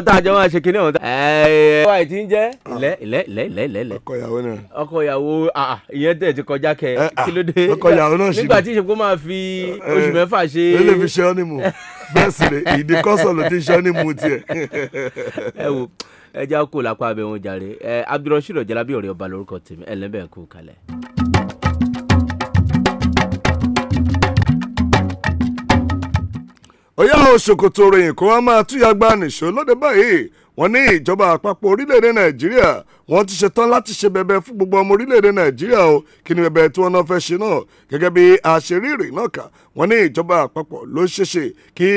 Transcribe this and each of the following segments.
àwọn tá a jọ máa ṣe kinní ọ̀hún. ẹ̀ẹ́ ọ̀hún àìtí ń jẹ́ ah. ilẹ̀ ilẹ̀ ilẹ̀ ilẹ̀ ilẹ̀ ilẹ̀. ọkọ ìyàwó náà. ọkọ ìyàwó ìyẹn tẹ̀ ti kọjá kẹ eh, ah, kí ló dé. ọkọ ìyàwó náà ṣì. nígbà tí ìṣèkó máa fi eh, oṣù mẹ́fà ṣe. ó lè fi ṣe ọ́ bẹ́ẹ̀ sì ni ìdí kọ́sọ̀ ló ti ṣe ọ́ tiẹ̀. ẹ wo ẹ já kó lápá abẹ wọn jàre eh, Abdulrasheed Ọ̀jàlábí ọba lórúkọ tèmi ẹlẹ́bẹ̀ẹ́ kú kalẹ̀. ọ̀yá òṣòkòtò ròyìn kó wọ́n máa túyà gba nìṣó lóde báyìí wọ́n ní ìjọba àpapọ̀ orílẹ̀-èdè nàìjíríà wọ́n ti ṣetán láti ṣe bẹ̀bẹ̀ fún gbogbo ọmọ orílẹ̀-èdè nàìjíríà o kí ni bẹ̀bẹ̀ tí wọ́n náà fẹ́ ṣe náà gẹ́gẹ́ bí àṣírí ìrìn náà kà wọ́n ní ìjọba àpapọ̀ ló ṣeéṣe kí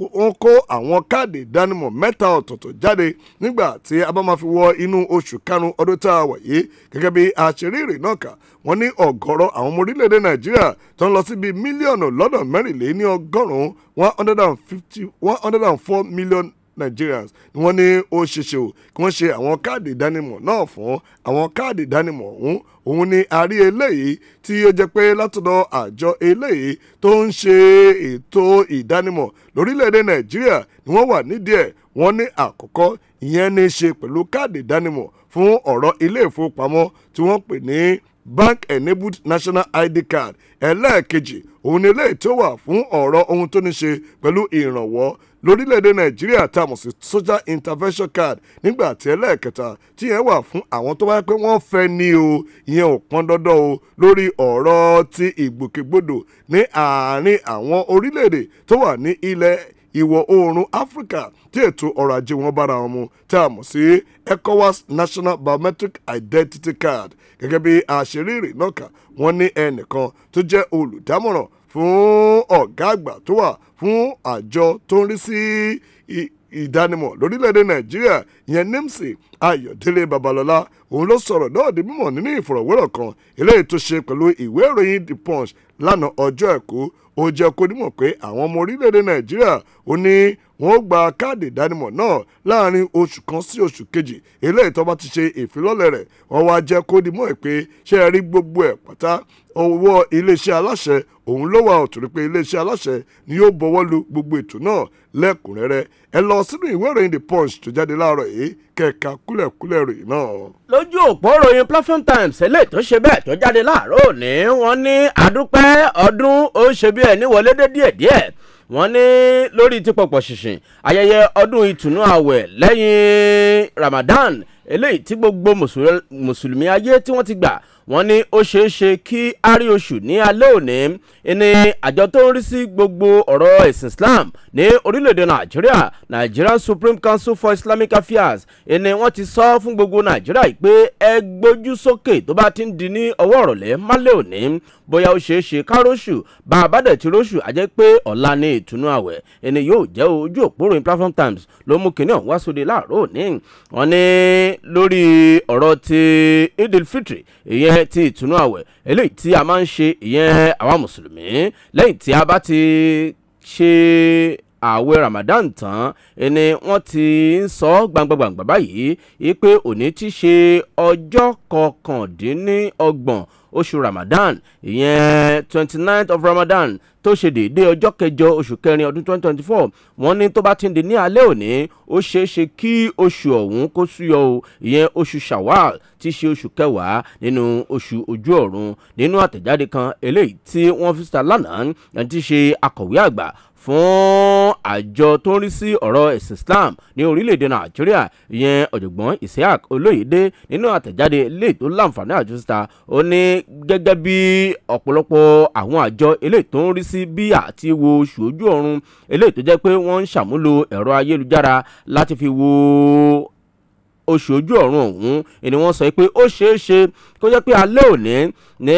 wọ́n kó àwọn káàdì ìdánimọ̀ mẹ́ta ọ̀tọ̀ọ̀tọ̀ jáde nígbà tí a bá máa fi wọ inú oṣù karùn-ún ọdún tá a wà yìí gẹ́gẹ́ bí àṣerírì náà kà wọ́n ní ọ̀gọ̀rọ̀ àwọn ọmọ orílẹ̀-èdè nàìjíríà tó ń lọ síbi mílíọ̀nù lọ́dọ̀ mẹ́rìnléní ọgọ́rùn-ún one hundred and fifty one hundred and four million Nigerians ni wọ́n ní ó ṣeṣe o kí wọ́n ṣe àwọn káàdì ìdánimọ̀ náà fún àwọn káàdì ìdánimọ̀ ọ̀hún òun ni a rí eléyìí tí ó jẹ́ pé látọ̀dọ̀ àjọ eléyìí tó ń ṣe ètò ìdánimọ̀ lórílẹ̀‐èdè Nàìjíríà ni wọ́n wà nídìí ẹ̀ wọ́n ní àkọ́kọ́ ìyẹn ní í ṣe pẹ̀lú káàdì ìdánimọ̀ fún ọ̀rọ̀ ilé ìfowópamọ́ tí wọ́n pè ní bank enabled national id card ẹlẹ́ẹ̀kejì òun ni eléyìí tó wà fún ọ̀rọ̀ ohun tó ní ṣe pẹ̀lú ìrànwọ́ lórílẹ̀‐èdè nàìjíríà tá a mọ̀ sí social intervention card nígbà tí ẹlẹ́ẹ̀kẹta tí yẹn wà fún àwọn tó bá pé wọ́n fẹ́ ni o ìyẹn ò pọn dandan o lórí ọ̀rọ̀ ti ìgbòkègbodò ní àárín àwọn orílẹ̀-èdè tó wà ní ilẹ̀ ìwọ̀ oòrùn áfíríkà tí ètò ọrọ̀ ajé wọn bára wọn mu tá a mọ̀ sí ecowas national biometric identity card gẹ́gẹ́ bí àṣírí ìrìnnà kan wọ́n ní ẹnìkan tó jẹ́ olùdámọ̀ràn fún ọ̀gá àgbà tó wà fún àjọ tó ń rí sí ìdánimọ̀ lórílẹ̀‐èdè nàìjíríà ìyẹn nímsì ayọ̀délé babalọ́lá òun ló sọ̀rọ̀ náà di mímọ̀ nínú ìfọ̀rọ̀wérọ̀ kan eléyìí tó ṣe pẹ̀lú ìwé ìròyìn the punch lánàá ọjọ́ ẹ̀kú ó jẹ́ kó nímọ̀ pé àwọn ọmọ orílẹ̀‐èdè nàìjíríà ó ní wọn ó gba káàdì ìdánimọ̀ náà láàrin oṣù kan sí oṣù kejì eléyìí tó bá ti ṣe ìfilọ́lẹ̀ rẹ̀ wọ́n wá jẹ́ kó di mọ́ ẹ̀ pé ṣé ẹ rí gbogbo ẹ̀ pátá ọwọ́ iléeṣẹ́ aláṣẹ òun ló wà ọ̀tún pé iléeṣẹ́ aláṣẹ ni yóò bọwọ́ lu gbogbo ètò náà lẹ́kùnrẹ́rẹ́ ẹ lọ sínú ìwé ìròyìn the punch tó jáde láàárọ̀ yìí kẹ̀ka kúlẹ̀kúlẹ̀ ròyìn náà. lójú òpó ròyìn platform times eléyìí tó ṣe bẹ́ẹ̀ tó jáde láàárọ̀ òní wọ́n ní àdúpẹ́ ọdún ó ṣe bí ẹni wọlé dé díẹ̀díẹ̀ wọ́n ní lórí ti pọ̀pọ̀ ṣìnṣìn ayẹyẹ ọdún ìtùnú àwẹ̀ lẹ́yìn ramadan eléyìí tí gbogbo mùsùlùmí ayé tí wọ́n ti gbà wọ́n ní ó ṣeé ṣe kí a rí oṣù ní alẹ́ òní ní àjọ tó ń rí sí gbogbo ọ̀rọ̀ ẹ̀sìn islam ní orílẹ̀-èdè nàìjíríà nigerian supreme council for islamic affairs ní wọ́n ti sọ fún gbogbo nàìjíríà pé ẹ gbójú sókè tó bá ti ń di ní ọwọ́ ọ̀rọ̀lẹ́ málẹ̀ òní bóyá ó ṣeé ṣe káróṣù bá a bá dẹ̀ ti róṣù a jẹ́ pé ọ̀la ní ìtùnú àwẹ̀ ẹni yóò jẹ́ ojú òpóròyìn platform times ló mú kinní ọ̀hún wá sóde láàárọ̀ òní wọn ní lórí ọ̀rọ̀ ti idil fitri ìyẹn ti ìtùnú àwẹ̀ eléyìí tí a máa ń ṣe ìyẹn àwa mùsùlùmí lẹ́yìn tí a bá ti ṣe ààwẹ̀ ramadan tán ẹni wọ́n ti ń sọ gbangbangbangba báyìí pé òní ti ṣe ọjọ́ kọkàndínlọ́gbọ̀n oṣù ramadan ìyẹn twenty nine of ramadan tó ṣe déédéé ọjọ́ kẹjọ oṣù kẹrin ọdún twenty twenty four wọ́n ní tó bá ti ń di ní alẹ́ òní ó ṣeé ṣe kí oṣù ọ̀hún kó súyọ o ìyẹn oṣù shawal ti ṣe oṣù kẹwàá nínú oṣù ojú ọ̀run nínú àtẹ̀jáde kan eléyìí tí wọ́n fi síta lánàá ti ṣe akọ̀wé àgbà fún àjọ tó ń rí sí ọ̀rọ̀ ẹ̀sìn Islam ní orílẹ̀-èdè Nàìjíríà ìyẹn ọ̀jọ̀gbọ́n Isiaq Olóyèdé nínú àtẹ̀jáde eléyìí tó láǹfààní àjọ síta ó ní gẹ́gẹ́ bí ọ̀pọ̀lọpọ̀ àwọn àjọ eléyìí tó ń rí sí bí àti wo oṣù ojú ọ̀run eléyìí jẹ́ pé wọ́n ń ṣàmúlò ẹ̀rọ ayélujára láti fi wo oṣù ojú ọ̀run ọ̀hún ni wọ́n sọ pé ó ṣeé ṣe kó jẹ́ pé alẹ́ òní ní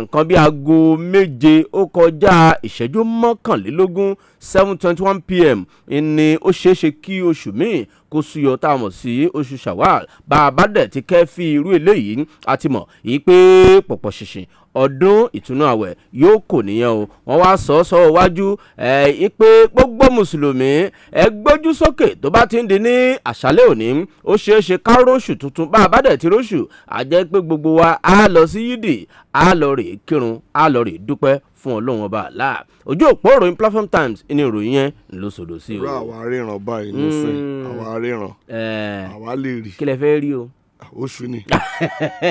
nǹkan bí aago méje ó kọjá ìṣẹ́jú mọ́kànlélógún seven twenty one pm ni ó ṣeé ṣe kí oṣù míì kó súyọ tá a mọ̀ sí oṣù shawal bá a bá dẹ̀ ti kẹ́ fi irú eléyìí a ti mọ̀ yìí pé pọ̀pọ̀ ṣìnṣìn ọdún ìtúnú àwẹ̀ yóò kò nìyẹn o wọ́n wá sọ sọ wájú ẹ̀ pé gbogbo mùsùlùmí ẹ gbójú sókè tó bá ti ń di ní àṣálẹ́ òní ó ṣeé ká róṣù tuntun bá a bá róṣù àjẹ́ pé gbogbo wa á lọ sí yídì á lọ rè kírun á lọ rè dúpẹ́ fún ọlọ́run ọba àlá ojú òpó ìròyìn platform times ní ìròyìn yẹn ló sòdò sí o. irú àwa aríran báyìí nísìn hmm. àwa aríran eh. àwa lè rí. kílẹ̀ fẹ́ rí o. oṣù ni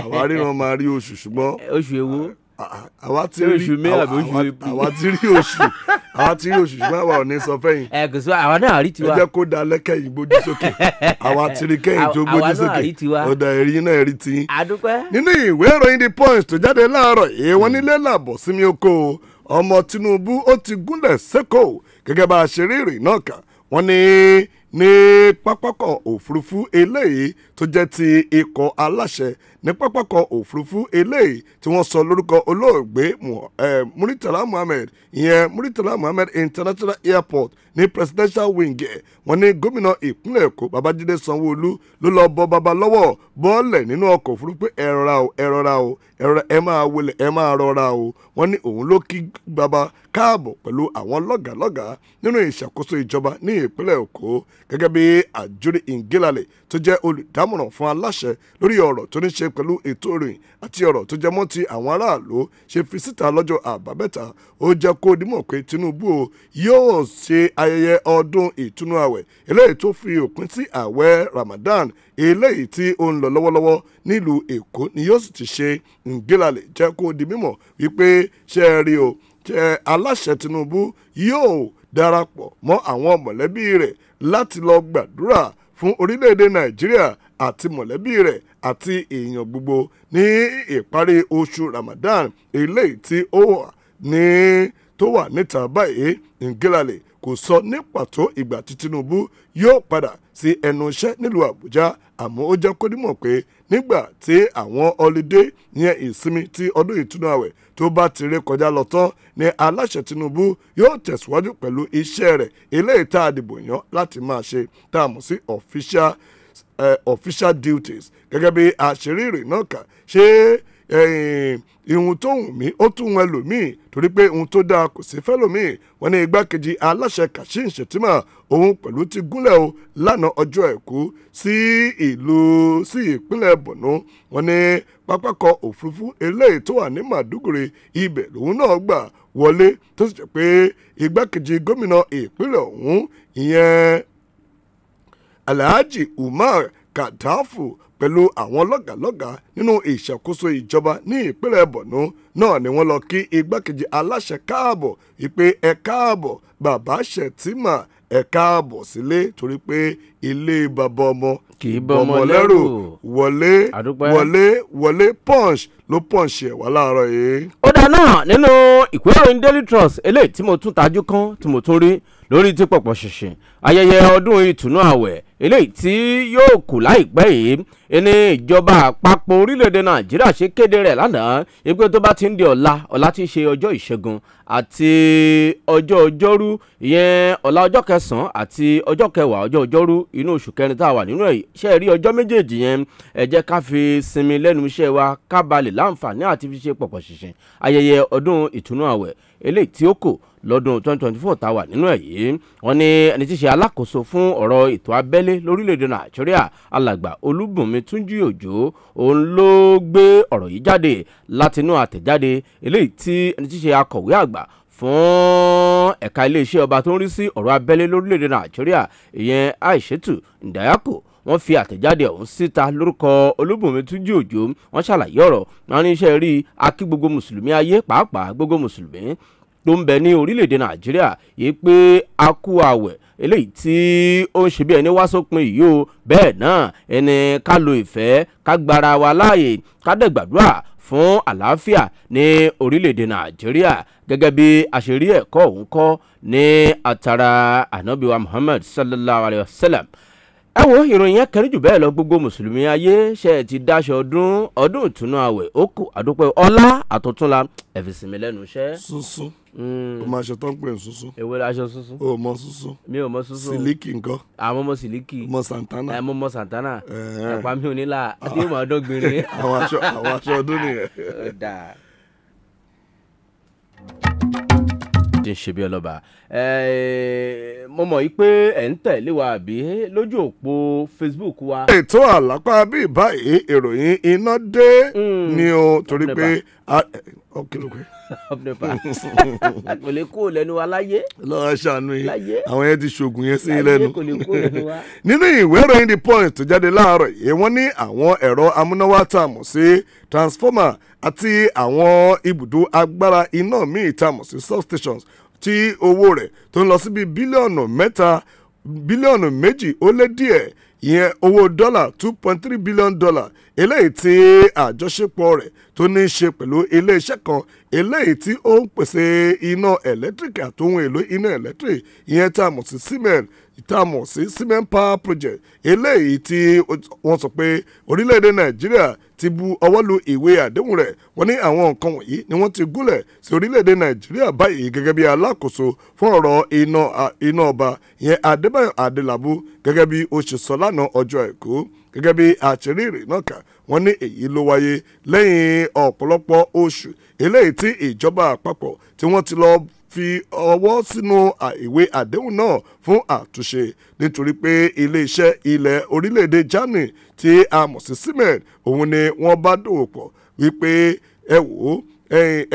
àwa aríran máa rí oṣù ṣùgbọ́n. oṣù èwo àwa ti rí oṣù mẹ́rin àbí oṣù epi àwa ti rí oṣù àwa ti rí oṣù ṣùgbọ́n àwa ò ní sọ fẹ́yìn. ẹ kò sọ àwa náà rí tiwa. ẹ jẹ́ kó da lẹ́kẹ̀yìn gbójú sókè àwa ti rí kẹ́yìn tó gbójú sókè ọ̀dà ẹ̀rí náà rí ti. àdúpẹ́. nínú ìwé ìròyìn the punch tó jáde láàárọ̀ èèwọ̀n nílé làbọ̀ sí mi oko ọmọ Tinubu ó ti gúnlẹ̀ sẹ́kọ̀ gẹ́gẹ́ bá a ṣe rí ìròyìn náà kà wọ́n ní ní pápákọ̀ òfurufú eléyìí tó jẹ́ ti ikọ̀ aláṣẹ ní pápákọ̀ òfurufú eléyìí tí wọ́n sọ lórúkọ olóògbé eh, Muritala Muhammed ìyẹn Muritala Muhammed International Airport ní presidential wing ẹ̀ wọ́n ní gómìnà ìpínlẹ̀ Èkó Babájídé Sanwó-Olú ló lọ́ọ́ bọ́ bàbá lọ́wọ́ bọ́ọ̀lẹ̀ nínú ọkọ̀ òfurufú ẹ rọra o ẹ rọra o ẹ máa wọlé ẹ máa rọra o wọ́n ní òun ló kí bàbá káàbọ̀ pẹ̀lú àwọn lọ́gàlọ́gàá nínú ìṣàkóso ìjọba ní ìpínlẹ̀ Èkó gẹ́gẹ́ bí àjúrí Ingilale tó jẹ́ olùdámọ̀ràn fún aláṣẹ lórí ọ̀rọ̀ tó ní ṣe ṣe pẹ̀lú ètò rẹ̀ àti ọ̀rọ̀ tó jẹmọ́ ti àwọn aráàlú ṣe fi síta lọ́jọ́ àbámẹ́ta ó jẹ́ kó dimọ̀ pé Tinubu yóò ṣe ayẹyẹ ọdún ìtúnú àwẹ̀ eléyìí tó fi òpin sí àwẹ̀ Ramadan eléyìí tí ó ń lọ lọ́wọ́lọ́wọ́ nílùú Èkó ni yóò sì ti ṣe ǹgílàlẹ̀ jẹ́ kó di mímọ̀ wípé ṣe é rí o ṣe aláṣẹ Tinubu yóò darapọ̀ mọ́ àwọn mọ̀lẹ́bí rẹ̀ láti lọ gbàdúrà fún orílẹ̀-èdè Nàìjíríà àti mọ̀lẹ́bí rẹ̀ àti èèyàn gbogbo ní ìparí oṣù Ramadan eléyìí tí ó wà ní tó wà níta báyìí ngilale kò sọ ní pàtó ìgbà tí Tinubu yóò padà sí ẹnu iṣẹ́ nílùú Àbújá àmọ́ ó jẹ́ kó dímọ̀ pé nígbà tí àwọn ọlidé yẹn ìsinmi tí ọdún ìtúnú àwẹ̀ tó bá ti ré kọjá lọ tán ni aláṣẹ Tinubu yóò tẹ̀síwájú pẹ̀lú iṣẹ́ rẹ̀ eléyìí tá a dìbò yàn láti máa ṣe tá a mọ̀ sí official official duties gẹ́gẹ́ bí àṣírí náà kà ṣé ìhun tó wù mí ó tún wọn lòmíì torí pé ohun tó dáa kò sí fẹ́lòmíì wọn ní igbákejì aláṣẹ Kashim Shettima òun pẹ̀lú ti gúnlẹ̀ o lánàá ọjọ́ àìkú sí ìlú sí ìpínlẹ̀ Borno wọn ní pápákọ̀ òfurufú eléyìí tó wà ní Maiduguri ibẹ̀ lòun náà gbà wọlé tó sì jẹ́ pé igbákejì gómìnà ìpínlẹ̀ ọ̀hún ìyẹn Alhaji Umar Kadafu pẹ̀lú àwọn lọ́gàlọ́gà nínú ìṣàkóso ìjọba ní ìpínlẹ̀ Borno náà ni wọ́n lọ kí igbákejì aláṣẹ káàbọ̀ ìpè ẹ káàbọ̀ bàbá Ṣẹ̀tìmà ẹ káàbọ̀ sílé torí pé ilé bàbá ọmọ kì í bọmọ lẹ́rù wọlé wọlé wọlé punch ló punch ẹ̀ wá láàárọ̀ yìí. ó dá náà nínú ìwé ìròyìn Daily Trust eléyìí tí mo tún tajú kán tí mo tún rí lórí tí pọ̀pọ̀ ṣìnṣìn ayẹyẹ ọdún ìtùnú àwẹ̀ eléyìí tí yóò kù láìpẹ́ yìí ẹni ìjọba àpapọ̀ orílẹ̀-èdè nàìjíríà ṣe kéde rẹ̀ lánàá ipe tó bá ti ń di ọ̀la ọ̀la ti ṣe ọjọ́ ìṣẹ́gun àti ọjọ́ ọjọ́rú ìyẹn ọ̀la ọjọ́ kẹsàn-án àti ọjọ́ kẹwàá ọjọ́ ọjọ́rú inú oṣù kẹrin tá a wà nínú ẹ̀ ṣe rí ọjọ́ méjèèjì yẹn ẹ ká fi sinmi lẹ́nu iṣẹ́ wa ká balẹ̀ láǹfààní àti fi ṣe pọ̀pọ̀ ṣìnṣìn ayẹyẹ ọdún ìtúnú àwẹ̀ eléyìí tí ó kù lọ́dún 2024 tá a wà nínú ẹ̀ yìí wọ́n ní ẹni tí í ṣe alákòóso fún ọ̀rọ̀ ètò abẹ́lé lórílẹ̀‐èdè nàìjíríà alàgbà olúbùnmi túnjí òjò òun ló gbé ọ̀rọ̀ yìí jáde látinú àtẹ̀jáde eléyìí tí ẹni tí í ṣe akọ̀wé àgbà fún ẹ̀ka iléeṣẹ́ ọba tó ń rí sí ọ̀rọ̀ abẹ́lé lórílẹ̀‐èdè nàìjíríà ìyẹn àìṣètù ǹdàyàkó wọ́n fi àtẹ̀jáde ọ̀hún síta lórúkọ olúbùnmi túnjí òjò wọ́n ṣàlàyé ọ̀rọ̀ wọn ní iṣẹ́ rí akí gbogbo mùsùlùmí ayé pàápàá gbogbo mùsùlùmí tó ń bẹ ní orílẹ̀-èdè nàìjíríà yìí pé a kú àwẹ̀ eléyìí tí ó ń ṣe bí ẹni wá sópin yìí o bẹ́ẹ̀ náà ẹni ká lo ìfẹ́ ká gbára wa láàyè ká dẹ̀ gbàdúrà fún àlàáfíà ní orílẹ̀-èdè nàìjíríà gẹ́gẹ́ bí àṣírí ẹ̀kọ́ òun kọ́ ní àtàrà ànábìwá muhammed sallallahu alayhi wa sallam ẹ wo ìròyìn yẹn kẹrin jù bẹ́ẹ̀ lọ gbogbo mùsùlùmí ayé ṣe é ti dáṣọ ọdún ọdún ìtùnú àwẹ̀ ó kù àdúpẹ́ ọlá àtọ̀túnla ẹ̀fìsìnmi lẹ́nu iṣẹ́. sunsun o máa ṣe tán pé sunsun. èwo la aṣọ sunsun. o mọ sunsun. mi ò mọ sunsun. siliki nǹkan. àmọ́ mo siliki. mo santana. ẹ mo mọ santana. ẹ̀pà mi ò ní la tí mo máa dán gbinrin. àwọn aṣọ àwọn aṣọ ọdún nìyẹn. ó dáa. ti ń ṣe bí ọlọ́ba mo mọ̀ yí pé ẹ̀ ń tẹ̀lé wa àbí lójú òpó Facebook wa. ètò àlápá bíi báyìí ìròyìn iná dé hmm. ni o torí pé ọkìlùkù. Ah, eh, oh, kò lè kó lẹ́nu wa láyé. lọ́wọ́ ṣàánú yìí àwọn yẹn ti ṣoògùn yẹn sí lẹ́nu. nínú ìwé ìròyìn the point tó jáde láàárọ̀ yìí wọ́n ní àwọn ẹ̀rọ amúnáwá tá a mọ̀ sí transformer àti àwọn ibùdó agbára iná míì tá a mọ̀ sí substations tí owó rẹ̀ tó ń lọ síbi bílíọ̀nù mẹ́ta bílíọ̀nù méjì ó lé díẹ̀ ìyẹn owó dọ́là two point three billion dollar eléyìí tí àjọṣepọ̀ rẹ̀ tó ní í ṣe pẹ̀lú iléeṣẹ́ kan eléyìí tí ó ń pèsè iná ẹ̀lẹ́tíríkì àtòhun èlò iná ẹ̀lẹ́tíríkì ìyẹn tá a mọ̀ sí siemens tá a mọ̀ sí cement power project eléyìí tí wọ́n sọ pé orílẹ̀-èdè nàìjíríà ti bu ọwọ́ lu ìwé àdéhùn rẹ̀ wọ́n ní àwọn nǹkan wọ̀nyí ni wọ́n ti gúnlẹ̀ sí orílẹ̀-èdè nàìjíríà báyìí gẹ́gẹ́ bí alákòóso fún ọ̀rọ̀ iná ọba ìyẹn adébáyọ̀ adélábù gẹ́gẹ́ bí ó ṣe sọ lánàá ọjọ́ àìkú gẹ́gẹ́ bí àṣírí ìrìnà kan wọ́n ní èyí ló wáyé lẹ́yìn ọ̀pọ̀lọpọ̀ oṣù eléyìí tí ìjọba àpapọ̀ tí wọ́n ti lọ fi ọwọ́ sínú ìwé àdéhùn náà fún àtúnṣe nítorí pé iléeṣẹ́ ilẹ̀ orílẹ̀-èdè Germany tí a mọ̀ sí cement òun ni wọ́n bá dòwò pọ̀ wípé ẹ wò ó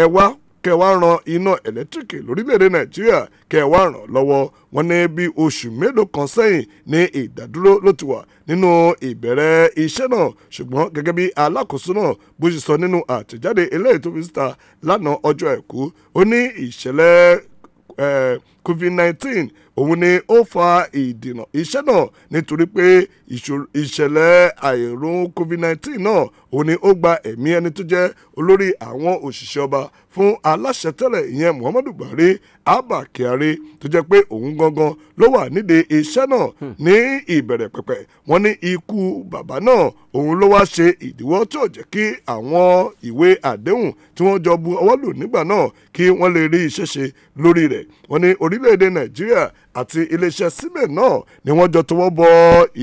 ẹ wá kẹ́ wá ran iná ẹ̀lẹ́tíríkì lórílẹ̀‐èdè nàìjíríà kẹ́ wá ràn lọ́wọ́ wọn ní bí oṣù mélòó kan sẹ́yìn ní ìdádúró ló ti wà nínú ìbẹ̀rẹ̀ iṣẹ́ náà ṣùgbọ́n gẹ́gẹ́ bí alákòóso náà bó ṣe sọ nínú àtẹ̀jáde eléyìí tó fi síta lánàá ọjọ́ àìkú ó ní ìṣẹ̀lẹ̀ covid nineteen, òun ni ó fa ìdènà iṣẹ́ náà nítorí pé ìṣẹ̀lẹ̀ àìrùn covid nineteen, náà òun ni ó gba ẹ̀mí ẹni tó jẹ́ olórí àwọn òṣìṣẹ́ ọba fún aláṣẹ tẹ́lẹ̀ ìyẹn muhammadu buhari abba kyari tó jẹ́ pé òun gangan ló wà nídìí iṣẹ́ náà hmm. ní ìbẹ̀rẹ̀ pẹ̀pẹ̀ wọ́n ní ikú bàbá náà òun ló wá ṣe ìdíwọ́ tí ò jẹ́ kí àwọn ìwé àdéhùn tí wọ́n jọ bu ọwọ́ lù nígbà náà kí wọ́n lè rí iṣẹ́ ṣe lórí rẹ̀ wọ́n ní orí orílẹ̀-èdè nàìjíríà àti iléeṣẹ́ síbẹ̀ náà ni wọ́n jọ tọwọ́ bọ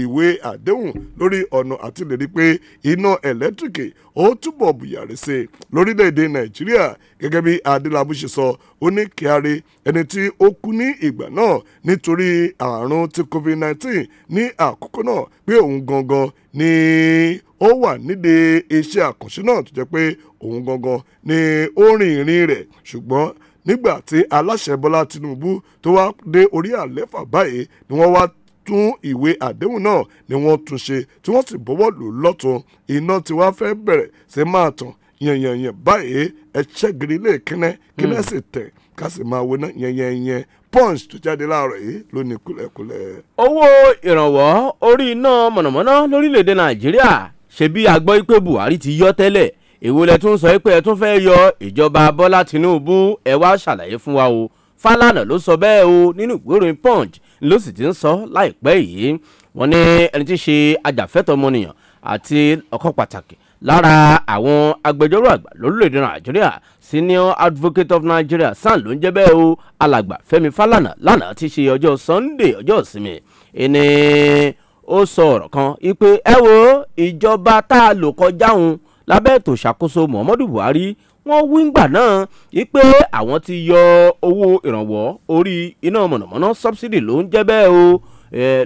ìwé àdéhùn lórí ọ̀nà àti lè rí pé iná ẹ̀lẹ́tíríkì ó túbọ̀ bùyàrí sí i lórílẹ̀‐èdè nàìjíríà gẹ́gẹ́ bí adélábù ṣe sọ ó ní kyari ẹni tí ó kú ní ìgbà náà nítorí àrùn ti covid-19 ní àkókò náà pé òun gangan ni ó wà nídìí iṣẹ́ àkànṣe náà tó jẹ́ pé òun gangan ni ó rìn rẹ̀ ṣùgbọ́n nígbà tí aláṣẹ Bọ́lá Tinubu tó wá dé orí àléfà báyìí ni wọ́n wá tún ìwé àdéhùn náà ni wọ́n tún ṣe tí wọ́n sì bọ́wọ́ lù lọ́tún iná tí wàá fẹ́ bẹ̀rẹ̀ sí máa tàn yẹnyẹnyẹn báyìí ẹ̀ṣẹ́ gidi lè kínẹ́ kínẹ́ hmm. sì tẹ̀ ká sì máa wo náà yẹnyẹnyẹn punch tó jáde láàárọ̀ yìí ló ní kúlẹ̀kúlẹ̀. owó ìrànwọ́ orí iná mọ̀nàmọ́ná lórílẹ̀‐èdè Nàìjíríà ṣebí a gbọ́ pé Buhari ti yọ tẹ́lẹ̀ ìwúlẹ̀ tún sọ pé ẹ tún fẹ́ yọ ìjọba Bọ́lá Tinubu ẹ wá ṣàlàyé fún wa o Fálànà ló sọ bẹ́ẹ̀ o nínú ìgbéròyìn Punch ló sì ti ń sọ láìpẹ́ yìí wọ́n ní ẹni tí í ṣe ajàfẹ́tọ̀ọ́mọnìyàn àti ọkọ̀ pàtàkì lára àwọn agbẹjọ́rò àgbà lórílẹ̀‐èdè nàìjíríà senior advocate of nigeria san ló ń jẹ́ bẹ́ẹ̀ o alàgbà fẹ́mi falana lánàá ti ṣe ọjọ́ sunday ọjọ́ ìsinmi ẹni ó sọ ọ̀rọ̀ kan ipe ẹ wo ìjọba tá a lò kọjá òun lábẹ́ ètò ìṣàkóso muhammadu buhari wọ́n wí ngbà náà wípé àwọn ti yọ owó ìrànwọ́ orí iná mọ̀nàmọ́ná subsidy ló ń jẹ́ bẹ́ẹ̀ o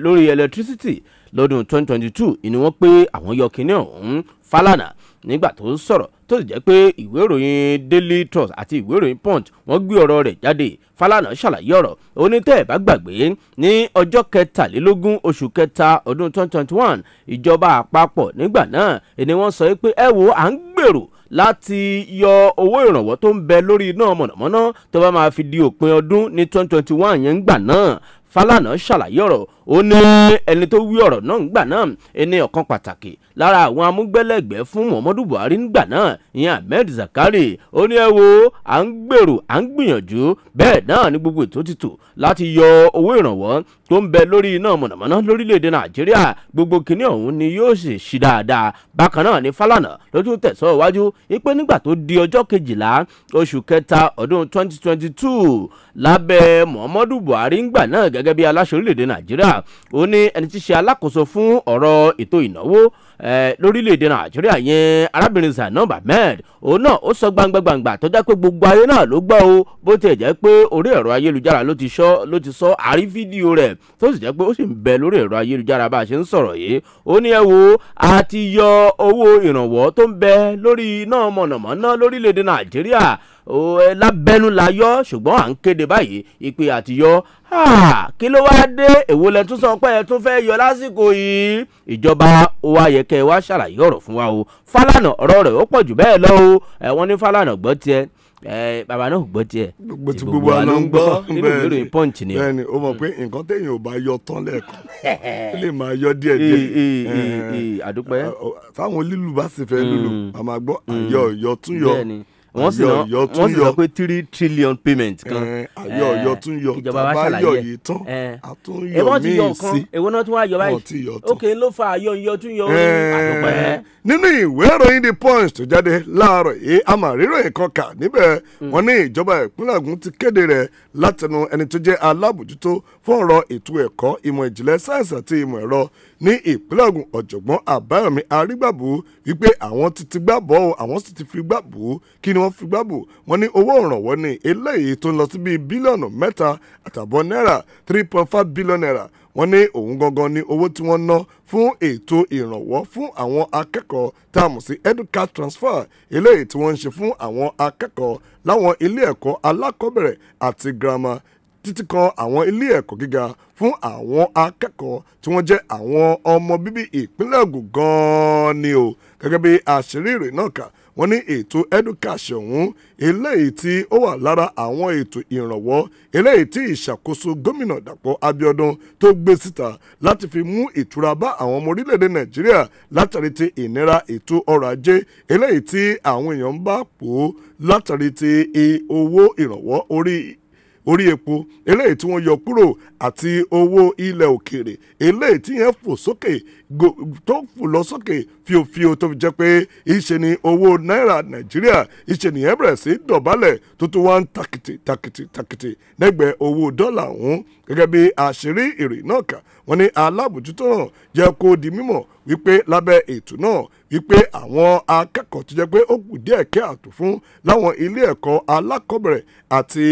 lórí electricity lọ́dún 2022 ni wọ́n pé àwọn yọ kinní ọ̀hún Falana nígbà tó ń sọ̀rọ̀ tó sì jẹ́ pé ìwé ìròyìn Daily Trust àti ìwé ìròyìn Punch wọ́n gbé ọ̀rọ̀ rẹ̀ jáde Falana ṣàlàyé ọ̀rọ̀ onítẹ̀ ẹ̀ bá gbàgbé ní ọjọ́ kẹtàlélógún oṣù kẹta ọdún 2021 ìjọba àpapọ̀ nígbà náà ni wọ́n sọ pé ẹ wo à ń gbèrò láti yọ owó ìrànwọ́ tó ń bẹ lórí iná mọ̀nàmọ́ná tó bá máa fi di òpin ọdún ní 2021 yẹn ń gbà náà Falana ṣàlàyé ọ̀rọ̀ ó ní ẹni tó wí ọ̀rọ̀ náà ńgbà náà ẹni ọ̀kan pàtàkì lára àwọn amúgbẹ́lẹ́gbẹ́ fún muhammadu buhari ńgbà náà ìyẹn ahmed zakari ó ní ẹ wo à ń gbèrò à ń gbìyànjú bẹ́ẹ̀ náà ní gbogbo ètò títò láti yọ owó ìrànwọ́ tó ń bẹ lórí iná mọ̀nàmọ́ná lórílẹ̀‐èdè nàìjíríà gbogbo kìnìún ọ̀hún ni yóò sì ṣí dáadáa bákan náà ní fálànà lójú tẹ̀sán iwájú wípé nígbà tó di ọjọ́ kejìlá oṣù kẹta ọdún 2022 lábẹ́ muhammadu buhari ńgbà náà gẹ́gẹ́ bí aláṣẹ orílẹ̀‐èdè nàìjíríà ó ní ẹni tí ṣe alákòóso fún ọ̀rọ̀ ètò ìnáwó lórílẹ̀‐èdè nàìjíríà yẹn arábìnrin zainab ahmed òun náà ó sọ gbangbangba tó jẹ́ pé gbogbo ayé náà ló gbọ́ o bó tiẹ̀ jẹ́ pé orí ẹ̀rọ ayélujára ló ti sọ ló ti sọ àrí fídíò rẹ̀ tó sì jẹ́ pé ó sì ń bẹ lórí ẹ̀rọ ayélujára bá a ṣe ń sọ̀rọ̀ yìí ó ní ẹ wo a ti yọ owó ìrànwọ́ tó ń bẹ lórí iná mọ̀nàmọ́ná lórílẹ̀‐èdè nàìjíríà lábẹ́nú la yọ ṣùgbọ́n à ń kéde báyìí ìpè àtiyọ kí ló wáá dé èwo lẹ tún sọ pé ẹ tún fẹ́ yọ lásìkò yìí ìjọba wa yẹ kẹ́ ẹ wá ṣàlàyé ọ̀rọ̀ fún wa o Fálànà ọ̀rọ̀ rẹ̀ ó pọ̀ jù bẹ́ẹ̀ lọ o ẹ wọ́n ní Fálànà gbọ́ tiẹ̀ ẹ baba náà gbọ́ tiẹ̀ tí gbogbo wa ló ń gbọ́ nínú ìròyìn punch ni. bẹ́ẹ̀ni o mọ̀ pé nǹkan téèyàn ò bá yọ tán lẹ́ẹ̀kan ó lè máa yọ díẹ̀ díẹ̀. àdúpẹ́. lílù bá sì fẹ́ lùlù àmàgbọ́ mm. mm. àyọ̀ yọtúnyọ wọ́n sì náà wọ́n sì sọ pé three trillion payment kan ayọ̀ ọ̀yọ̀ tún yọ ìjọba wa ṣàlàyé yìí tán àtúnyọ̀ míì sí èwo náà tún wá yọ báyìí ok ló fa ayọ̀ ìyọ̀ tún yọ àdùpẹ́. nínú ìwé ìròyìn the punch tó jáde láàárọ̀ yìí a máa rí ìròyìn kan kà níbẹ̀ mm. wọ́n ní ìjọba ìpínlẹ̀ Ògùn ti kéde rẹ̀ látẹnu ẹni tó jẹ́ alábòjútó fún ọ̀rọ̀ ètò ẹ̀kọ́ ìmọ̀ ní ìpínlẹ̀ Ògùn ọ̀jọ̀gbọ́n Àbáyọ̀mí Arígbàbù wípé àwọn ti ti gbàbọ̀ àwọn sì ti fi gbàbù kí ni wọ́n fi gbàbù wọ́n ní owó ìrànwọ́ ní eléyìí tó ń lọ sí bíi bílíọ̀nù mẹ́ta àtàbọ̀ náírà three point five billion naira wọ́n ní òun gangan ni owó tí wọ́n ná fún ètò ìrànwọ́ fún àwọn akẹ́kọ̀ọ́ tá a mọ̀ sí educat transfer eléyìí tí wọ́n ń ṣe fún àwọn akẹ́kọ̀ọ́ láwọn ilé ẹ̀kọ́ alákọ̀ọ́bẹ̀rẹ̀ àti girama títí kan àwọn ilé ẹ̀kọ́ gíga fún àwọn akẹ́kọ̀ọ́ tí wọ́n jẹ́ àwọn ọmọ bíbí ìpínlẹ̀ Ògùn gan-an ni o gẹ́gẹ́ bí àṣírí ìròyìn náà kà wọ́n ní ètò educash ọ̀hún eléyìí tí ó wà lára àwọn ètò ìrànwọ́ eléyìí tí ìṣàkóso gómìnà Dàpọ̀ Abíọ́dún tó gbé síta láti fi mú ìtura bá àwọn ọmọ orílẹ̀-èdè Nàìjíríà látàrí ti ìnira ètò ọrọ̀ ajé eléyìí tí àwọn èèyàn ń bá pò ó látàrí ti owó ìrànwọ́ orí orí epo eléyìí tí wọ́n yọ kúrò àti owó ilẹ̀ òkèrè eléyìí tí yẹn fò sókè tó fò lọ sókè fíofío tó fi jẹ́ pé ìṣe ni owó náírà nàìjíríà ìṣe nìyẹn bẹ̀rẹ̀ sí dọ̀bálẹ̀ tó tún wá ń takìtì takìtì takìtì lẹ́gbẹ̀ẹ́ owó dọ́là ọ̀hún gẹ́gẹ́ bí àṣírí èrè náà kà wọ́n ní alábòjútó náà jẹ́ kó di mímọ̀ wípé lábẹ́ ètò náà wípé àwọn akẹ́kọ̀ọ́ tó jẹ́ pé ó kù díẹ̀ kí àtò fún láwọn ilé ẹ̀kọ́ alákọ̀ọ́bẹ̀rẹ̀ àti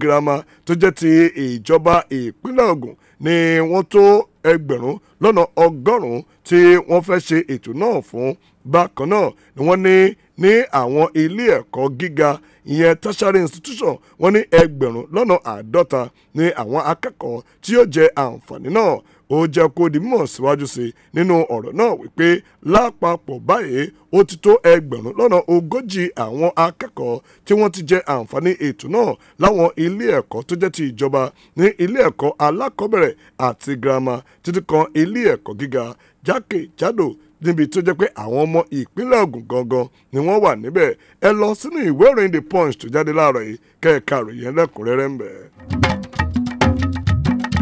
girama tó jẹ́ ti ìjọba ìpínlẹ̀ Ògùn ni wọ́n tó ẹgbẹ̀rún lọ́nà ọgọ́rùn-ún tí wọ́n fẹ́ ṣe ètò náà fún bákan náà ni wọ́n ní ní àwọn ilé ẹ̀kọ́ gíga ìyẹn tertiary institution wọ́n ní ẹgbẹ̀rún lọ́nà àádọ́ta ni àwọn akẹ́kọ̀ọ́ tí yóò jẹ àǹfààní náà ó jẹ́ kó di mímọ̀ síwájú sí i nínú ọ̀rọ̀ náà wípé lápapọ̀ báyìí ó ti tó ẹgbẹ̀rún lọ́nà ogójì àwọn akẹ́kọ̀ọ́ tí wọ́n ti jẹ àǹfààní ètò náà láwọn ilé ẹ̀kọ́ tó jẹ́ ti ìjọba ní ilé ẹ̀kọ́ alákọ̀ọ́bẹ̀rẹ̀ àti girama títí kan ilé ẹ̀kọ́ gíga jákèjádò níbi tó jẹ́ pé àwọn ọmọ ìpínlẹ̀ Ògùn gangan ni wọ́n wà níbẹ̀ ẹ lọ sínú ìwé ìròyìn The Punch tó jáde láàárọ̀ yìí kẹ́ẹ̀ka àròyìn ẹlẹ́kùnrẹ́rẹ́ ń bẹ̀.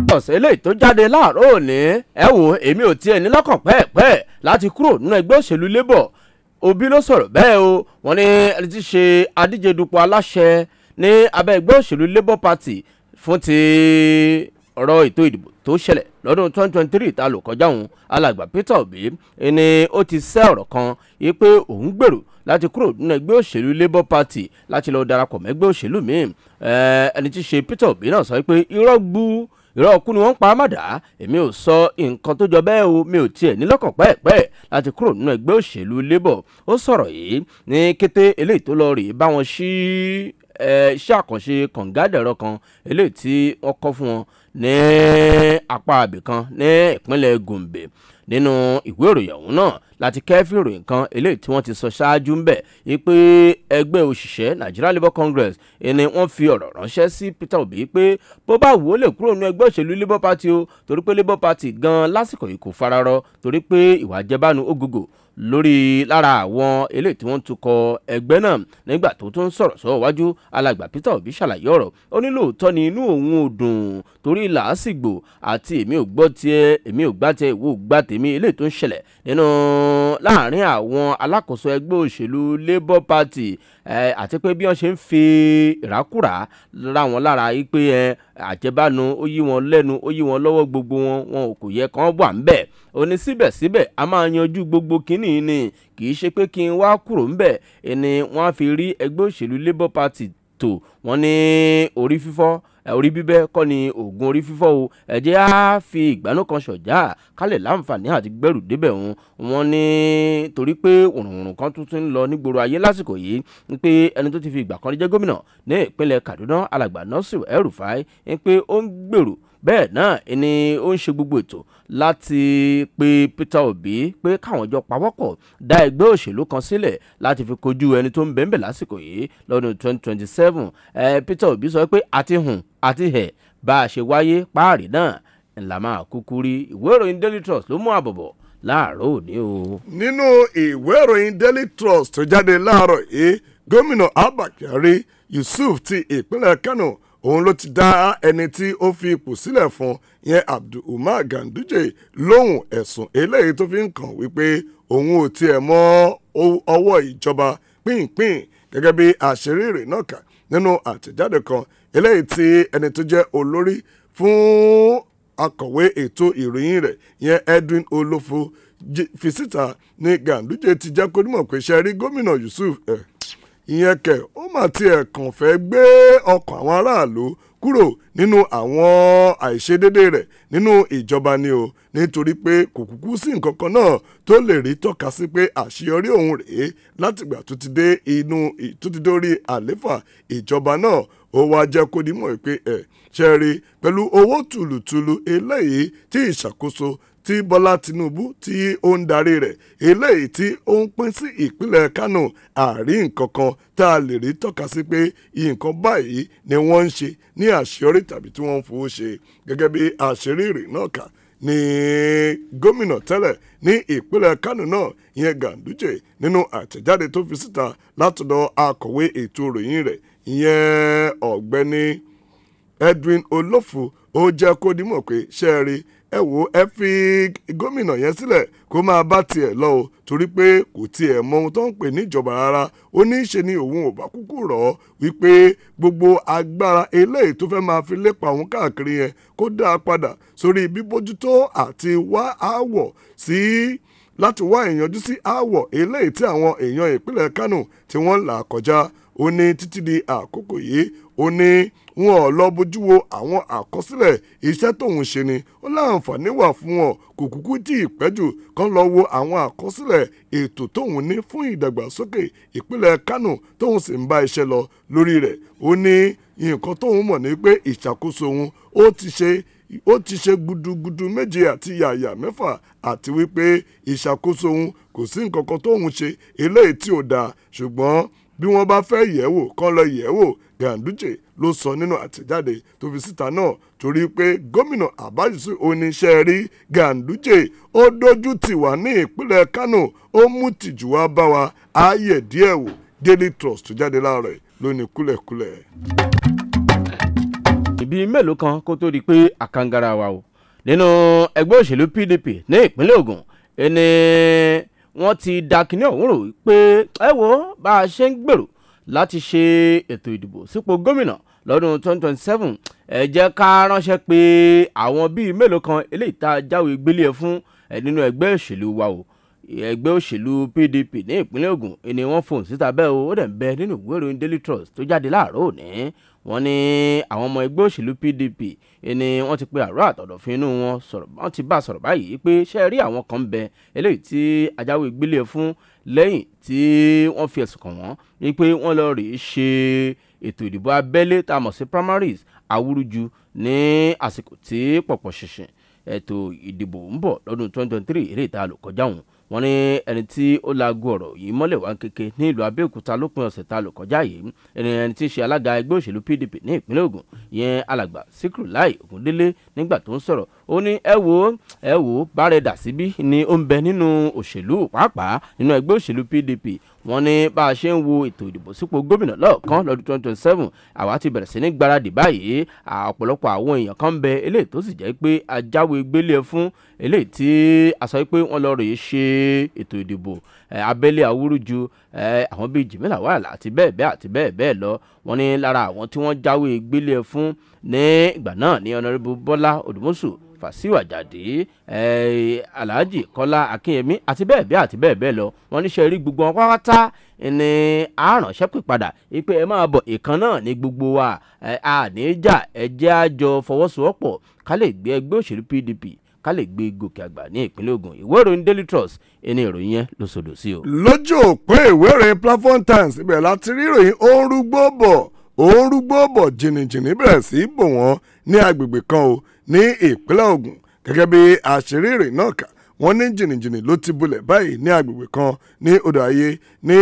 Labours eléyìí tó jáde láàárọ̀ òní ẹ wò èmi ò tiẹ̀ ní lọ́kàn pẹ́ẹ́pẹ́ láti kúrò nínú ẹgbẹ́ òṣèlú Labour Obi ló sọ̀rọ̀ bẹ́ẹ̀ o wọ́n ní ẹni tí ṣe adíje dupò aláṣẹ ní abẹ́ ẹgbẹ́ òṣèlú Labour Party fún ti ọ̀rọ̀ ètò ìdìbò tó ṣẹlẹ̀ lọ́dún 2023 ta ló kọjá òun alàgbà Peter Obi ni ó ti sẹ́ ọ̀rọ̀ kan yìí pé òun gbèrò láti kúrò nínú ẹgbẹ́ òṣèlú Labour Party láti lọ darapọ̀ mẹ́gbẹ́ òṣèlú míì ẹni tí ṣe Peter Obi náà sọ pé irọ́ gbú irọ́ ọkú ni wọ́n ń pa àmàdà èmi ò sọ nǹkan tó jọ bẹ́ẹ̀ o mi ò tiẹ̀ nílọ́kàn pẹ́ẹ́pẹ́ láti kúrò nínú ẹgbẹ́ òṣèlú labour ó sọ̀rọ̀ yìí ní kété eléyìí tó lọ rèé bá wọn ṣí iṣẹ́ àkànṣe kọ̀ǹgádẹ̀rọ kan eléyìí tí wọ́n kọ́ fún wọn ní apá abìkan ní ìpínlẹ̀ gombe nínú ìwé ìròyìn ọ̀hún náà láti kẹ́fì ìròyìn kan eléyìí tí wọ́n ti sọ ṣáájú ń bẹ̀ wípé ẹgbẹ́ òṣìṣẹ́ Nigeria Labour Congress ni wọ́n fi ọ̀rọ̀ ránṣẹ́ sí Peter Obi pé bó bá wò ó lè kúrò nínú ẹgbẹ́ òṣèlú Labour Party o torí pé Labour Party gan lásìkò yìí kò fararọ torí pé ìwà jẹbánu ó gògò lórí lára àwọn eléyìí tí wọ́n ń tukọ̀ ẹgbẹ́ náà nígbà tó tún sọ̀rọ̀ sọ́wọ́ wájú alàgbà Peter Obi ṣàlàyé ọ̀rọ̀ ó ní lóòótọ́ ni inú òun ò dùn torí làásìgbò àti èmi ò gbọ́ tiẹ̀ èmi ò gbá tiẹ̀ ìwọ ò gbá tèmi eléyìí tó ń ṣẹlẹ̀ nínú láàrin àwọn alákòóso ẹgbẹ́ òṣèlú Labour Party àti pé bí wọ́n ṣe ń fi ìrákùrà ra wọn lára yìí pé àjẹbánu ó yí wọn lẹ́nu ó yí wọn lọ́wọ́ gbogbo wọn wọn ò kò yẹ kán wà ń bẹ̀ ó ní síbẹ̀síbẹ̀ a máa yanjú gbogbo kínní ni kì í ṣe pé kí n wá kúrò ń bẹ̀ ẹni wọ́n á fi rí ẹgbẹ́ òṣèlú Labour Party tò wọ́n ní orí fífọ́ orí bíbẹ́ kọ́ ni oògùn orí fífọ́ o ẹ jẹ́ á fi ìgbàanú kan ṣọ̀já kálẹ̀ láǹfààní àti gbẹ́rù débẹ̀ òun wọn ní torí pé òrùnrùn kan tuntun ń lọ nígboro ayé lásìkò yìí ń pé ẹni tó ti fi ìgbà kan jẹ́ gómìnà ní ìpínlẹ̀ Kaduna alàgbà Nasiru El-Rufai ń pé ó ń gbèrò bẹ́ẹ̀ náà ni ó ń ṣe gbogbo ètò láti pe Peter Obi pé káwọn jọ pawọ́pọ̀ dá ẹgbẹ́ òṣèlú kan sílẹ̀ láti fi kojú ẹni tó ń bẹ̀ńbẹ̀ lásìkò yìí lọ́dún 2027 Peter Obi sọ pé àti hùn àti ẹ̀ bá a ṣe wáyé páàrí náà ńlá máa kúkú rí ìwé ìròyìn daily trust ló mú àbọ̀bọ̀ láàárọ̀ òní o. nínú ìwé ìròyìn daily trust tó jáde láàárọ̀ yìí gómìnà abba kyari yusuf ti ìpínlẹ̀ kano òun ló ti dá ẹni tí ó fi ipò sílẹ̀ fún yẹn abdulhamar ganduje lóhùn ẹ̀sùn eléyìí tó fi ń kàn wípé òun ò tiẹ̀ mọ ọwọ́ ìjọba pínpín gẹ́gẹ́ bí àṣírí ìrìnnà kà nínú àtẹ̀jáde kan eléyìí tí ẹni tó jẹ́ olórí fún akọ̀wé ètò ìròyìn rẹ̀ yẹn Edwin Olofo fi síta ní Ganduje ti jẹ́ kó nímọ̀ pé ṣe rí gómìnà Yusuf eh, ẹ̀ ìyẹn kẹ̀ ó mà tiẹ̀ kàn fẹ́ gbé ọkàn àwọn aráàlú kúrò nínú àwọn àìṣedédé rẹ̀ nínú ìjọba ni o nítorí pé kò kúkú sí nǹkan kan náà tó lè rí tọ́ka sí pé àṣeyọrí òun rèé látìgbà tó ti dé inú tó ti dórí àléfà ìjọba náà ó wá jẹ́ kó ní mọ̀ pé ẹ̀ ṣe rí pẹ̀lú owó tùlùtùlù eléyìí tí ìṣàkóso tí Bọ́lá Tinubu tí ó ń darí rẹ̀ eléyìí tí ó ń pín sí ìpínlẹ̀ Kánò àrí nǹkan kan tá a lè rí tọ́ka sí pé nǹkan báyìí ni wọ́n ń ṣe ní àṣeyọrí tàbí tí wọ́n ń fowó ṣe gẹ́gẹ́ bí àṣírí ìrìn náà kà ní gómìnà tẹ́lẹ̀ ní ìpínlẹ̀ Kánò náà ìyẹn Ganduje nínú àtẹ̀jáde tó fi síta látọ̀dọ̀ akọ̀wé ètò ìròyìn rẹ̀ ìyẹn ọ̀gbẹ́ni Edwin Olofu ó jẹ́ kó dimọ̀ pé ṣe é rí ẹ wò ẹ fi gómìnà yẹn sílẹ̀ kó máa bá tiẹ̀ lọ o torí pé kò tiẹ̀ mọ ohun tó ń pè níjọba rárá ó ní í ṣe ni òun ò bá kúkú rọ̀ ọ́ wípé gbogbo agbára eléyìí tó fẹ́ máa fi lépa òun káàkiri yẹn kó dáa padà sórí bíbójútó àti wá áwọ̀ sí. Si láti wá ìyanjú sí aáwọ̀ eléyìí tí àwọn èèyàn ìpínlẹ̀ Kánò tí wọ́n ń là kọjá ó ní títí di àkókò yìí ó ní wọn ò lọ bójú wo àwọn àkọsílẹ̀ iṣẹ́ tóun ṣe ni ó láǹfààní wà fún wọn kò kúkú tí ìpẹ́jù kan lọ wo àwọn àkọsílẹ̀ ètò tóun ní fún ìdàgbàsókè ìpínlẹ̀ Kánò tóun sì ń bá iṣẹ́ lọ lórí rẹ̀ ó ní nǹkan tóun mọ̀ ní pé ìṣàkóso òun ó ti ṣe ó ti ṣe gudugudu méje àti yàyà mẹ́fà àti wípé ìṣàkóso òun kò sí nǹkan kan tóun ṣe eléyìí tí ò dáa ṣùgbọ́n bí wọ́n bá fẹ́ yẹ̀ wò kán lọ yẹ̀ wò Ganduje ló sọ nínú àtẹ̀jáde tó fi síta náà torí pé gómìnà Abba oníṣẹ́ rí Ganduje ó dojú tì wá ní ìpínlẹ̀ Kano ó mú tìjú wá bá wa á díẹ̀ wò Daily Trust tó jáde láàárọ̀ lónìí kúlẹ̀kúlẹ̀ bíi mélòó kan kó tó di pé àkàngara wa o nínú ẹgbẹ́ òṣèlú pdp ní ìpínlẹ̀ ogun ẹni wọ́n ti da kínní ọ̀hún pé ẹ wo bá a ṣe ń gbèrò láti ṣe ètò ìdìbò sípò gómìnà lọ́dún 2027 ẹ jẹ́ ká ránṣẹ́ pé àwọn bíi mélòó kan eléyìí tá a jáwé gbélé ẹ fún ẹ nínú ẹgbẹ́ òṣèlú wa o ẹgbẹ́ òṣèlú pdp ní ìpínlẹ̀ ogun ẹni wọ́n fòun síta bẹ́ẹ̀ o ó dẹ̀ ń bẹ nínú ìwé ìròyìn daily trust tó jáde láàárọ̀ òní wọ́n ní àwọn ọmọ ẹgbẹ́ òṣèlú PDP ni wọ́n ti pe àrò àtọ̀dọ̀fín inú wọn sọ̀rọ̀ wọ́n ti bá sọ̀rọ̀ báyìí pé ṣe rí àwọn kan bẹ eléyìí tí ajáwé gbélé fún lẹ́yìn tí wọ́n fi ẹ̀sùn kàn wọ́n ni pé wọ́n lọ rèé ṣe ètò ìdìbò abẹ́lé tá a mọ̀ sí primaries awúrúju ní àsìkò tí pọ̀pọ̀ ṣìnṣìn ètò ìdìbò ń bọ̀ lọ́dún 2023 eré ìta lò kọjá òun wọ́n ní ẹni tí ó laago ọ̀rọ̀ yìí mọ́lẹ̀ wá kéke ní ìlú Abẹ́òkúta lópin ọ̀sẹ̀ ta lò kọjá yìí ẹni ẹni tí í ṣe alága ẹgbẹ́ òṣèlú PDP ní ìpínlẹ̀ Ògùn ìyẹn alàgbà Síkírù Láì Ògúndélé nígbà tó ń sọ̀rọ̀ ó ní ẹ wo ẹ wo bárẹ̀dà síbí ni ó ń bẹ nínú òṣèlú pàápàá nínú ẹgbẹ́ òṣèlú pdp wọ́n ní bá a ṣe ń wo ètò ìdìbò sípò gómìnà lọ́ọ̀kan lọ́dún twenty twenty seven àwa ti bẹ̀rẹ̀ sí ní gbáradì báyìí ọ̀pọ̀lọpọ̀ àwọn èèyàn kan bẹ eléyìí tó sì jẹ́ pé ajáwé gbélé ẹ fún eléyìí tí a sọ pé wọ́n lọ rèé ṣe ètò ìdìbò Eh, abẹ́lé awúrúju eh, àwọn bíi jìmílà wà àti bẹ́ẹ̀ bẹ́ẹ̀ àti bẹ́ẹ̀ bẹ́ẹ̀ lọ wọ́n ní lára àwọn tí wọ́n jáwé gbélé fún ní ìgbà náà ní ọ̀nàrẹ́bù bọ́lá òdùmọ̀sù fàṣíù àjàdé eh, alhaji kọ́lá akínyẹmí àti bẹ́ẹ̀ bẹ́ẹ̀ àti bẹ́ẹ̀ bẹ́ẹ̀ lọ wọ́n níṣẹ́ rí gbogbo wọn pátá ni àránṣẹ́ pè padà wípé ẹ máa bọ̀ ìkan náà ní gbogbo wa àníjà ẹ̀jẹ̀ àjọ fọwọ́sowọ́pọ̀ ká lè gbé ẹgbẹ́ òṣèlú pdp ká lè gbé gòkè àgbà ní ìpínlẹ̀ Ògùn ìwé ìròyìn Daily Trust ẹni ìròyìn yẹn ló sọdọ̀ sí o. lójú òpin ìwé ìròyìn Platform Times ibẹ̀ láti rí ìròyìn ó ń rúgbó bọ̀ ó ń rúgbó bọ̀ jìnnìjìnnì bẹ̀rẹ̀ sí í bò wọ́n ní agbègbè kan o ní ìpínlẹ̀ Ògùn gẹ́gẹ́ bí àṣírí ìròyìn náà kà wọ́n ní jìnnìjìnnì ló ti bulẹ̀ báyìí ní agbègbè kan ní odò ayé ní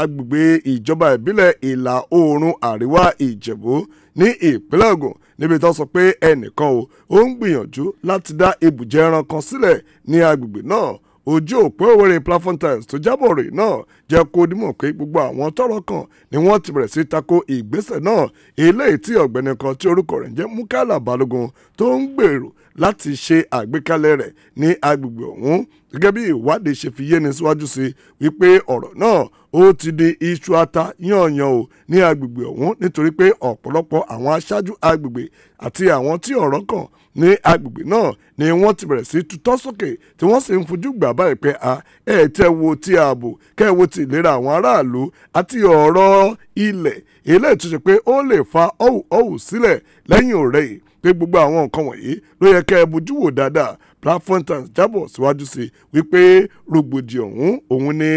agbègbè ìjọba ìbílẹ̀ ìlà oòrùn àríwá ìjẹ̀bú ní ìpínlẹ̀ Ògùn níbi tó sọ pé ẹnìkan o ó ń gbìyànjú láti dá ibùjẹ ẹran kan sílẹ̀ ní agbègbè náà ojú òpó Owerri platform times tó jábọ̀ rè náà jẹ́ kó dímọ̀ pé gbogbo àwọn tọ́rọ̀ kàn ni wọ́n ti bẹ̀rẹ̀ sí tako ìgbésẹ̀ náà eléyìí tí ọ̀gbẹ́ni kan tí orúkọ rẹ̀ jẹ́ Mukala Balógun tó ń gbèrò láti ṣe àgbékalẹ̀ rẹ̀ ní agbègbè ọ̀hún gẹ́gẹ́ bí ìwádìí ṣe fi yéni síwájú sí wípé ọ̀rọ̀ náà ó ti di iṣu ata yànyàn o ní agbègbè ọ̀hún nítorí pé ọ̀pọ̀lọpọ̀ àwọn aṣáájú agbègbè àti àwọn tí ọ̀rọ̀ kàn ní agbègbè náà ni wọ́n ti bẹ̀rẹ̀ sí tutọ́ sókè tí wọ́n sì ń fojú gbà báyìí pé a ẹ̀ tẹ́ wo ti ààbò kẹ́ wo ti ìlera àwọn aráàlú àti ọ̀rọ̀ ilẹ̀ eléyìí tó ṣe pé ó lè fa ọ̀hù ọ̀hù sílẹ̀ lẹ́yìn ọ̀rẹ́yìí pé gbogbo àwọn nǹkan wọ̀nyí ló yẹ kẹ́ ẹ bójú wò dáadáa Lafontaine jábọ̀ síwájú sí wípé rògbòdìyàn ọ̀hún òun ni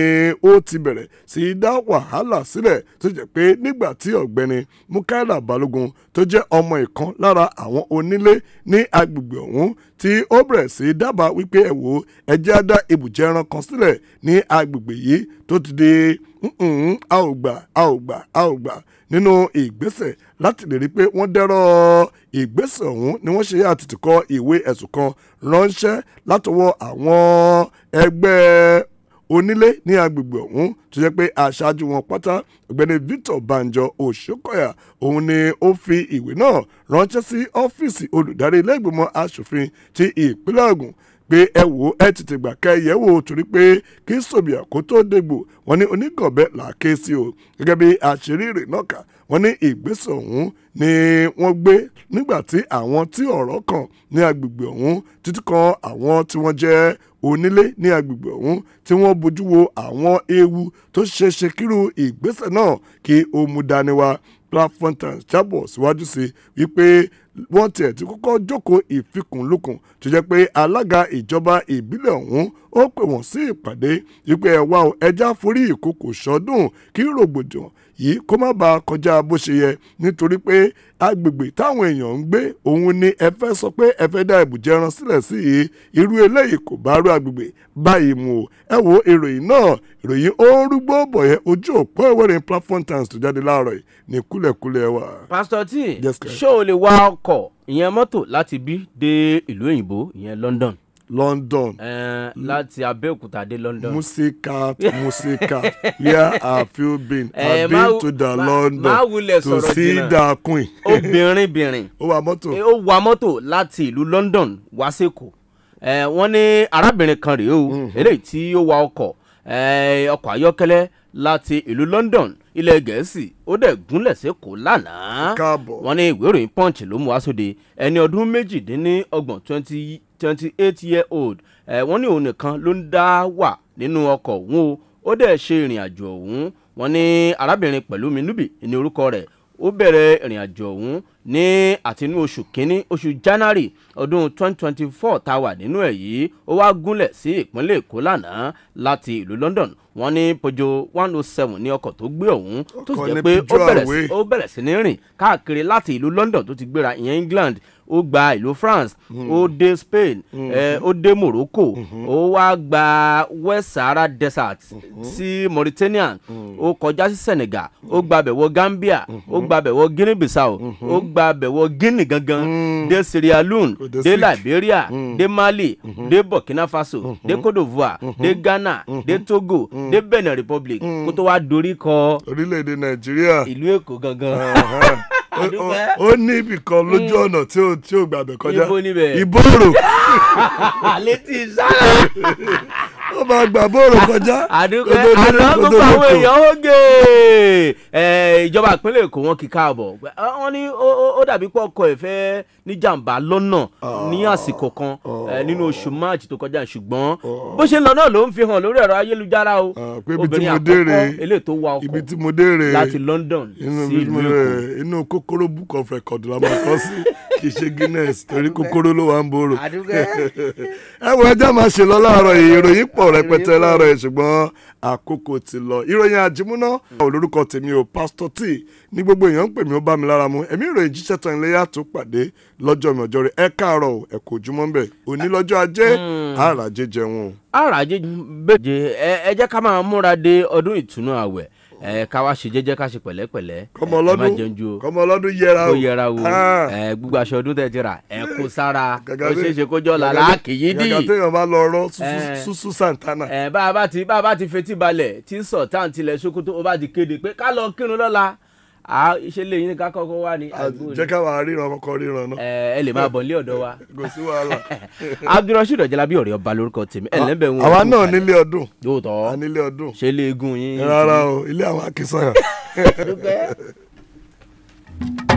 ó ti bẹ̀rẹ̀ sí í dá wàhálà sílẹ̀ tó jẹ́ pé nígbà tí ọ̀gbẹ́ni Mukaila Balogun tó jẹ́ ọmọ ìkan lára àwọn onílé ní agbègbè ọ̀hún tí ó bẹ̀rẹ̀ sí í dábàá wípé ẹ wò ẹ jẹ́ á dá ibùjẹ ẹran kan sílẹ̀ ní agbègbè yìí tó ti di a ò gbà a ò gbà a ò gbà nínú ìgbésẹ̀ láti lè rí i pé wọ́n dẹ́rọ̀ ìgbésẹ̀ ọ̀hún ni wọ́n ṣe àtìtìkọ ìwé ẹ̀sùn kan ránṣẹ́ ránṣẹ́ látọwọ́ àwọn ẹgbẹ́ onílé ní agbègbè ọ̀hún tó jẹ́ pé aṣáájú wọn pátá ọ̀gbẹ́ni Victor Banjo Òṣókọ̀yà òun ni ó fi ìwé náà ránṣẹ́ sí ọ́fíìsì olùdarí ilé ìgbìmọ̀ asòfin ti ìpínlẹ̀ Ògùn pé ẹ wò ẹ tètè gbà ká ẹ yẹ̀ wò torí pé kí sòbìà kó tó dégbò wọ́n ní onígànbẹ là á ké sí o gẹ́gẹ́ bí àṣírí rẹ̀ náà kà ní ìgbésẹ̀ ọ̀hún ni wọ́n gbé nígbà tí àwọn tí ọ̀rọ̀ kàn ní agbègbè ọ̀hún títí kan àwọn tí wọ́n jẹ́ onílé ní agbègbè ọ̀hún tí wọ́n bójú wo àwọn ewu tó ṣeéṣe kírú ìgbésẹ̀ náà kí ó mú dání wá Platform Times jábọ̀ síwájú sí wípé wọ́n tiẹ̀ ti kọ́kọ́ jókòó ìfikùnlukùn tó jẹ́ pé alága ìjọba ìbílẹ̀ ọ̀hún ó pè wọ́n sí ìpàdé wípé ẹ wá o ẹja forí ìkòkò sọ́dún kí rògbòdìyàn yìí kó má bàa kọjá bó ṣe yẹ nítorí pé agbègbè táwọn èèyàn ń gbé òun ni ẹ fẹ́ sọ pé ẹ fẹ́ dá ìbùjẹ ẹran sílẹ̀ sí i irú eléyìí kò bá rú agbègbè báyìí mu o ẹ wo ìròyìn náà ìròyìn ó ń yẹn ojú òpó ìwéèrè platform times tó jáde láàárọ̀ yìí ní kúlẹ̀kúlẹ̀ wa. pásítọ̀ tí ṣé o lè wa ọkọ̀ ìyẹn mọ́tò láti bí dé ìlú òyìnbó ìyẹn London London. Uh, láti Abẹ́òkúta dé London. Musicat Musicat where have you been? I uh, eh, been to the London ma, ma to see the queen. Obìnrin bìnrin. Ó wa mọ́tò. Eh, ó wa mọ́tò láti ìlú London wá sẹ́kọ̀ọ́. Wọ́n ní arábìnrin kan rèé o, mm. eléyìí tí ó wa ọkọ̀ ọkọ̀ ayọ́kẹ́lẹ́ láti ìlú London ilẹ̀ gẹ̀ẹ́sì ó dẹ̀ gúnlẹ̀ sẹ́kọ̀ọ́ lánàá. Káàbọ̀. Wọ́n ní ìwé ìròyìn Punch ló mú wá sóde ẹni ọdún méjìdínlọ́gbọ̀n twenty twenty eight year old ẹ̀ wọ́n ní òun nìkan ló ń dá wà nínú ọkọ̀ òun o ó dẹ̀ ṣe ìrìn àjò ọ̀hún wọ́n ní arábìnrin Pẹ̀lúmi Núbì ní orúkọ rẹ̀ ó bẹ̀rẹ̀ ìrìn àjò ọ̀hún ní àtinú oṣù kínní oṣù January ọdún 2024 tá a wà nínú ẹ̀ yìí ó wá gúnlẹ̀ sí ìpínlẹ̀ Èkó lánàá láti ìlú London wọ́n ní Peugeot 107 ní ọkọ̀ tó gbé ọ̀hún tó sì jẹ́ pé ó bẹ̀rẹ̀ sí ní rìn káàkiri láti ìlú London tó ti gbéra ìyẹn England ó gba ìlú France hmm. ó dé Spain hmm. ó dé Morocco hmm. ó wá gba West Sahara Desert sí Mauritania ó kọjá sí Senegal ó gba bẹ̀ Gambia ó gba bẹ̀ Guinea Bissau ó gba bẹ̀ Guinea gangan dé Sierra Leone dé Liberia dé Mali dé Burkina Faso dé Cote d'Ivoire dé Ghana dé Togo dé Benin Republic kó tó wá dorí kọ orílẹ̀-èdè Nàìjíríà ìlú Èkó gangan ó ní ibì kan mm. lójú ọ̀nà tí ó gbàgbẹ́ kọjá ibo níbẹ̀ ibo ó máa gbà bóòrò kọjá. àdúgbò àná gbogbo àwọn èèyàn ó gé e ìjọba ìpínlẹ̀ Èkó wọn kì í káàbọ̀ wọ́n ní ó dàbí pé ọkọ̀ ẹ̀ fẹ́ níjàmbá lọ́nà oh. ní àsìkò kan oh. nínú oṣù March tó kọjá ṣùgbọ́n oh. bó ṣe ń lọ náà ló ń fi hàn lórí ẹ̀rọ ayélujára o obìnrin àkọ́kọ́ eléyìí tó wa ọkọ̀ láti London sí ìlú Èkó. inú kòkòrò book of record la máa kọ́ sí. kì í ṣe guinness torí kúkúrú ló wà ń borò. ẹ wọ ẹjọ́ máa ṣe lọ láàárọ̀ ìròyìn pọ̀ rẹpẹtẹ láàárọ̀ yìí ṣùgbọ́n àkókò ti lọ ìròyìn àjìmúná olórúkọ tèmi ò pásítọ̀ tí ní gbogbo èèyàn ń pè mí ó bá mi lára mu ẹ̀mí ìròyìn jíṣẹ́ tán iléyà tó pàdé lọ́jọ́ mi ọjọ́ rẹ̀ ẹ káàárọ̀ ẹ kò jùmọ̀ ń bẹ̀ òní lọ́jọ́ ajé hmm. àràjé jẹun. àràjé bèjè ẹ jẹ́ ká máa múra de ọdún ìtùnú àwẹ̀ ẹ ká wá ṣe jẹ́jẹ́ ká ṣe pẹ̀lẹ́pẹ̀lẹ́ ẹ má jẹun ju o kọmọ ọlọ́dún yẹra o kó yẹra o ẹ gbogbo aṣọ ọdún tẹ̀ ti rà ẹ kó sára ó ṣeé ṣe kó jọ làlá kìyí dì. gàgà téèyàn bá lọ rọ susu santana. ẹ bá a bá ti bá a bá ti fetí balẹ̀ tí sọ̀tàn tilẹ̀ sokoto ó bá ti kéde pé ká lọ kírun lọ́la ṣe lè yín ká kọ́kọ́ wá ní. jẹ́ káwa ríran ọkọ ríran náà. ẹ lè máa bọ̀ nílé ọ̀dọ̀ wa. kò sí wàhálà. Abdulrasheed Ọ̀jẹ̀lábí ọ̀rẹ́ ọba lórúkọ tèmi ẹlẹ́bẹ̀ wọn. àwa náà nílé ọdún. lóòótọ́ nílé ọdún. ṣe lè gun yín. rárá o ilé àwọn akínsán yàn.